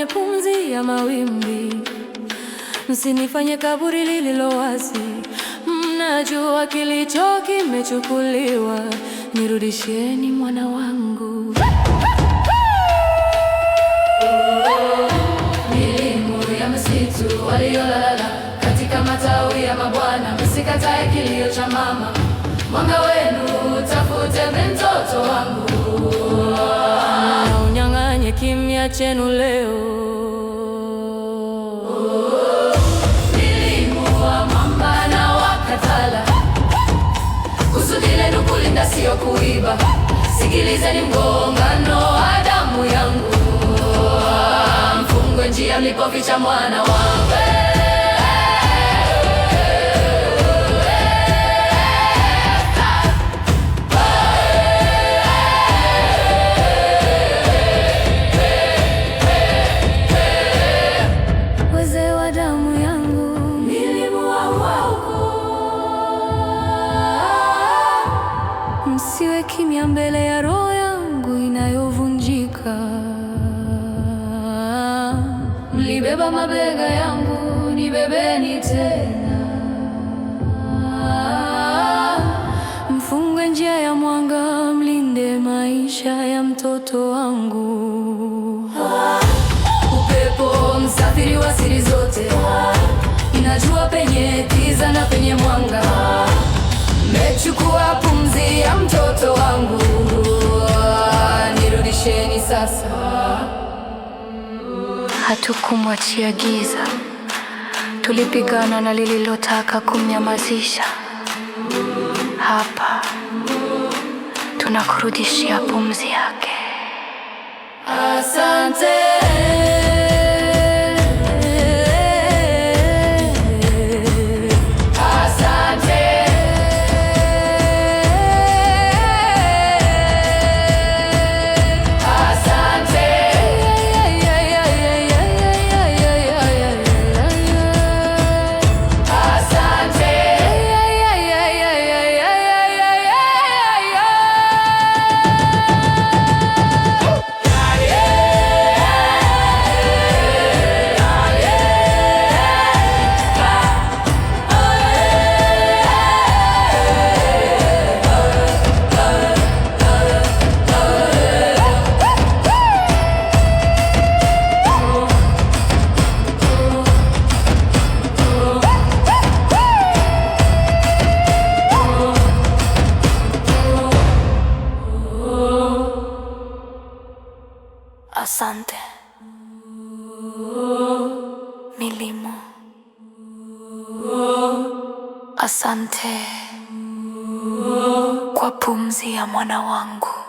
msifanye pumzi ya mawimbi, msinifanye kaburi lililo wazi. Mnajua kilicho kimechukuliwa, nirudisheni mwana wangu Milimu ya msitu waliolala katika matawi ya mabwana, msikatae kilio cha mama kimya chenu leo. Sio kuiba, sikilizeni mgongano wa damu yangu, mfungwe njia mlipoficha mwana wangu. kimya mbele ya roho yangu inayovunjika. Mlibeba mabega yangu, nibebeni tena, mfungwe njia ya mwanga, mlinde maisha ya mtoto wangu. sasa. Hatukumwachia giza, tulipigana na lililotaka kumnyamazisha. Hapa tunakurudishia pumzi yake. Asante. Asante. Milimo. Asante kwa pumzi ya mwana wangu.